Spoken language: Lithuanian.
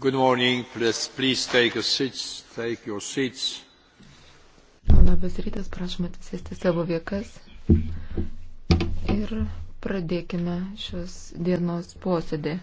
Good morning, please, please take, a seat, take your seats. Labas rytas, prašom atsisėsti savo viekas ir pradėkime šios dienos posėdį.